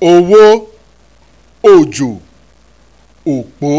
owó òjò òpó